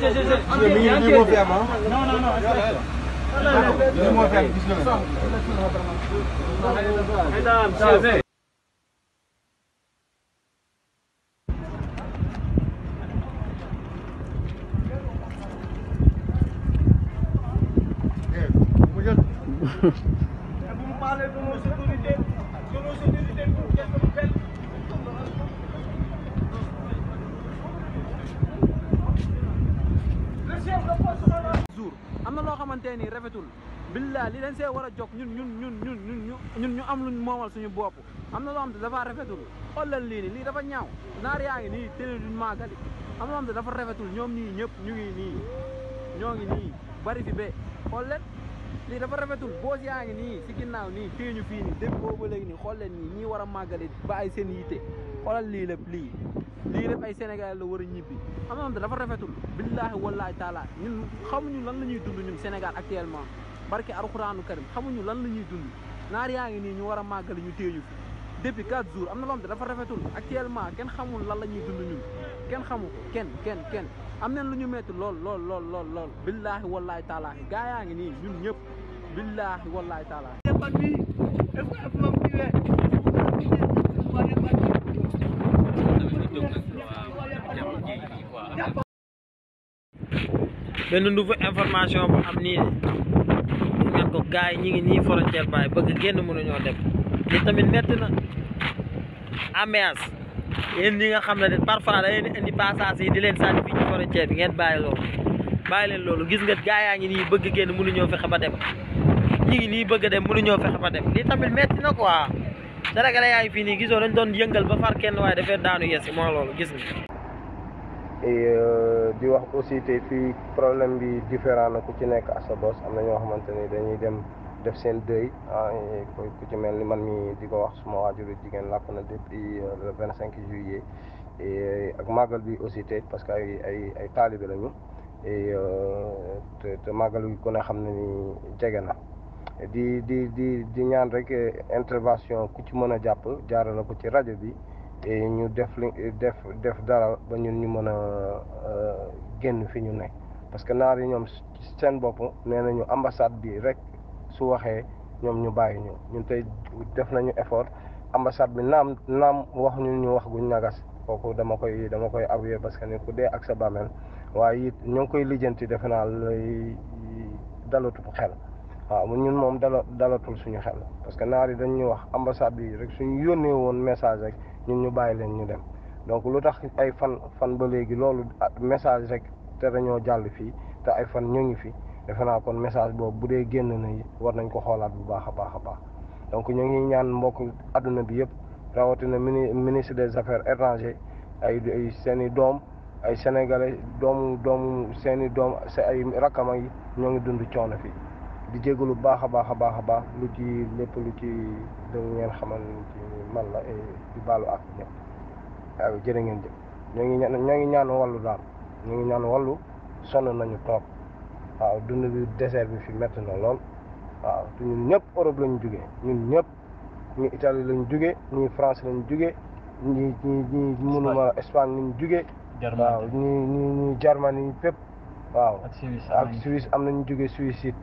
mi ngi nii moo fi am ah. non non non. lii moo fi am gis nga. Et vous parlez de nos autorités, de nos autorités pour qu'elles nous xamante ni rafetul billaa li leen see war a jóg ñun ñun ñun ñun ñun ñu am luñ moomal suñu bopp am na loo xam dafa rafetul xoolal lii nii lii dafa ñaaw naar yaa ngi nii télé duñ màggali am na loo xam dafa rafetul ñoom ñii ñëpp ñu ngi nii ñoo ngi nii bari fi ba xool lii dafa rafetul boos yaa ngi nii si ginnaaw nii téeñu fii nii dégg boobu léegi nii xool leen nii ñii war a màggale ba ay seen yitte xoolal lii lépp lii lii lépp ay Sénégal la war a ñibbi xam nga dafa rafetul billaahi wallaahi taala ñun xamuñu lan la ñuy dund ñun Sénégal actuellement barke alxuraanu karim xamuñu lan la ñuy dund naar yaa ngi nii ñu war a màggale ñu téeñu fi depuis quatre jours am na loo dafa rafetul actuellement kenn xamul lan la ñuy dund ñun kenn xamu ko kenn kenn kenn am na lu ñu métti lool lool lool lool lool billaahi wallaahi taalaahi gaa yaa ngi nii ñun ñëpp billaahi wallaahi taalaahi benn nouvelle information bu am nii gis ko gars yi ñu ngi nii frontière baay bëgg génn mënuñoo dem li tamit métti na ambiance nga xam ne parfois da leen indi passage yi di leen sànni fii frontière bi ngeen bàyyi loolu bàyyi leen loolu gis nga gaa yaa ngi nii bëgg génn mënuñoo fexe ba dem ñi ngi nii bëgg a dem mënuñoo fexe ba dem lii tamit metti na quoi sénégalais yaa ngi fii nii gisoo dañ doon yëngal ba far kenn waaye dafay daanu yesi moo loolu gis nga euh, di wax aussi te fii problème bi différent na ku ci nekk à sa bos am na ñoo xamante ni dañuy dem def seen dëy ah ku ci mel ni man mi di ko wax suma waajuru jigéen làkk na depuis euh, le vingt cinq juillet ak màggal bi aussi tey parce que ay ay ay taalibe lañu euh, te màggal bi ku ne xam ne ni jege na di di di di ñaan rek intervention ku ci mën a jàpp jaarale ko ci rajo bi ñu def li def def dara ba ñun ñu mën a euh, génn fi ñu nekk parce que naar yi ñoom seen bopp nee nañu ambasade bi rek su waxee ñoom ñu bàyyi ñu ñun tey def nañu effort ambassade bi naam naam wax ñu ñu wax guñ nagas kooku dama koy dama koy avoué parce que ni ku dee ak sa bàmmeel waaye it ñoo ngi koy lijjanti defe naa lay dalatul xel waaw ñun moom dala dalatul suñu xel parce que naar yi dañu ñu wax ambassade bi rek suñu yónnee woon message rek ñun ñu bàyyi leen ñu dem donc lu tax ay fan fan ba léegi loolu ah, message rek te dañoo jàll fii te ay fan ñoo ngi fii defe naa kon message boobu bu dee génn na war nañ ko xoolaat bu baax a baax a baax donc ñu ngi ñaan mbokk àdduna bi yëpp rawatina mini ministre des affaires étrangères ay seen i doom ay sénégalais doomu doomu seen i doom sa ay rakkama yi ñoo ngi dund coono fii di jégalu baax a baax a baax a baax lu ci lépp lu ci dëng ngeen xamal ci man la di baalu ak ñëpp waaw jërë ngeen ñoo ngi ñaan ñoo ngi ñaan wàllu daal ñoo ngi ñaan wàllu sonn nañu toog waaw dund bi désert bi fi mett na lool te ñun ñëpp Europe lañ jugee ñun ñëpp ñi Italie lañ jugee ñi France lañ jugee ñi ñi Espagne lañ jugee waaw ñi Germanie ñu waaw ak Suisse am nañ jugee Suisse it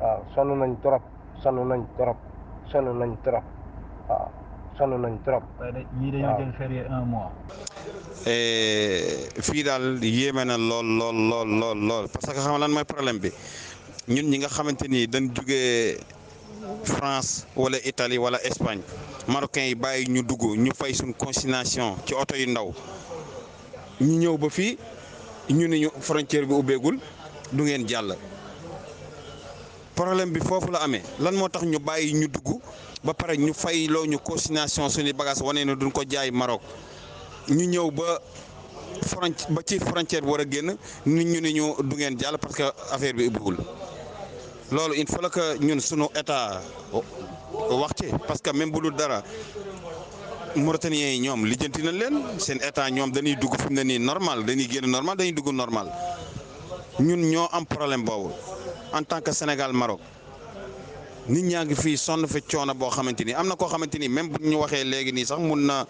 waaw sonn nañ trop sonn nañ trop sonn nañ trop waaw sonn nañ trop ñii eh, fii daal yéeme na lool lool lool lool parce que xam lan mooy problème bi ñun ñi nga xamante ni dañ France wala Italie wala Espagne marocain yi bàyyi ñu dugg ñu fay suñ constination ci oto yu ndaw ñu ñëw ba fii ñu ne ñu frontière bi ubbeegul du ngeen jàll problème bi foofu la amee lan moo tax ñu bàyyi ñu dugg ba pare ñu fay loo ñu consignation suñu bagage wanee na duñ ko jaay Maroc ñu ñëw ba fronti ba ci frontière war a génn nit ñu ne ñu du ngeen jàll parce que affaire bi ubbiwul loolu il faut que ñun sunu état wax ci parce que même bu dul dara Mauritaniens yi ñoom lijjanti nañ leen seen état ñoom dañuy dugg fi mu ne nii normal dañuy génn normal dañuy dugg normal ñun ñoo am problème boobu en tant que Sénégal Maroc nit ñaa ngi fii sonn fi coono boo xamante ni am na koo xamante ni même bu ñu waxee léegi nii sax mun na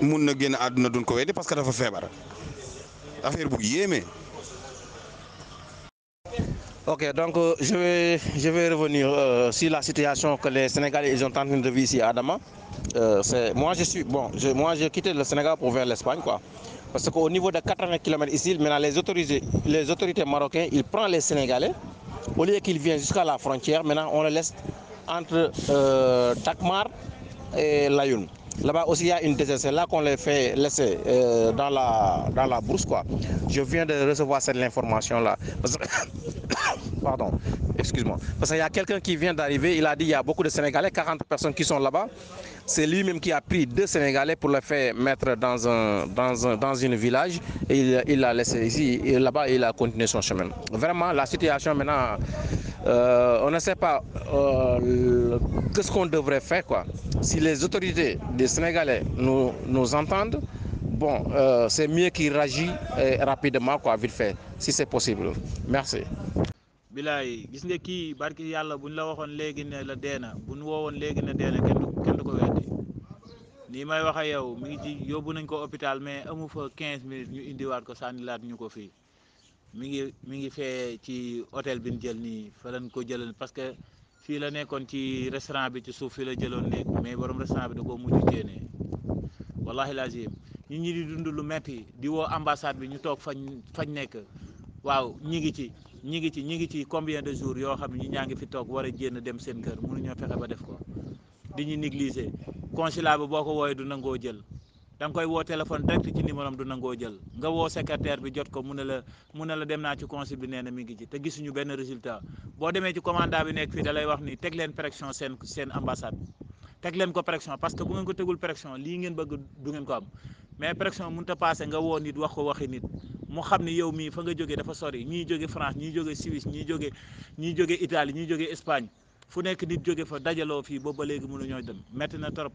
mun na génn àdduna duñ ko weddi parce que dafa feebara affaire bu yéeme. Ok, donc euh, je, vais, revenir euh, sur la situation que les Sénégalais ils ont tenté de vivre à Adama. Euh, moi, je suis, bon, je, j'ai quitté le Sénégal pour vers l'Espagne, quoi. que qu'au niveau de 80 km ici, maintenant les autorités, les autorités marocaines, ils prennent les Sénégalais. Au lieu qu'ils viennent jusqu'à la frontière, maintenant on les laisse entre Takmar euh, et Layoun. Là-bas aussi, y a une désert. C'est là qu'on les fait laisser euh, dans, la, dans la brousse, quoi. Je viens de recevoir cette information-là. pardon, Parce qu'il y a quelqu'un qui vient d'arriver, il a dit il y a beaucoup de Sénégalais, 40 personnes qui sont là-bas. C'est lui-même qui a pris deux Sénégalais pour les faire mettre dans un, village il l'a laissé ici. Et là-bas, il a continué son chemin. Vraiment, la situation maintenant, euh, on ne sait pas euh, qu'est-ce qu'on devrait faire. Quoi. Si les autorités des Sénégalais nous, nous entendent, bon, euh, c'est mieux qu'il réagisse euh, rapidement, quoi, vite fait, si c'est possible. Merci. bilaay gis nga kii barki yàlla buñ la waxoon léegi ne la deena buñ woowoon léegi ne deena kenn kenn ko weddi nii may wax ak yow mi ngi ci yóbbu nañ ko hôpital mais amu fa 15 minutes ñu indiwaat ko sànnilaat ñu ko fii mi ngi mi ngi fee ci hôtel bi ñu jël ni fa lañ ko jëlal parce que fii la nekkoon ci restaurant bi ci suuf fii la jëloon néeg mais borom restaurant bi da koo mujj génne wallahi lazim ñi ñi di lu metti di woo ambassade bi ñu toog fa fañ nekk waaw ñi ngi ci ñi ngi ci ñi ngi ci combien de jours yoo xam ne ñi ñaa ngi fi toog war a génn dem seen kër mënuñoo fexe ba def ko di ñu négliger consulat bi boo ko woowee du nangoo jël da nga koy woo téléphone direct ci numéro am du nangoo jël nga woo secrétaire bi jot ko mu ne la mu ne la dem naa ci consul bi nee na mi ngi ci te gisuñu benn résultat boo demee ci commandant bi nekk fii da lay wax ni teg leen pression seen seen ambassade teg leen ko pression parce que bu ngeen ko tegul pression lii ngeen bëgg du ko am mais pression mënut a passé nga woo nit wax ko waxi nit mu xam ni yow mii fa nga jóge dafa sori ñii jóge France ñii jóge Suisse ñii jóge ñii jóge Italie ñii jóge Espagne fu nekk nit jóge fa dajaloo fii boobu ba léegi mënuñoo dem metti na trop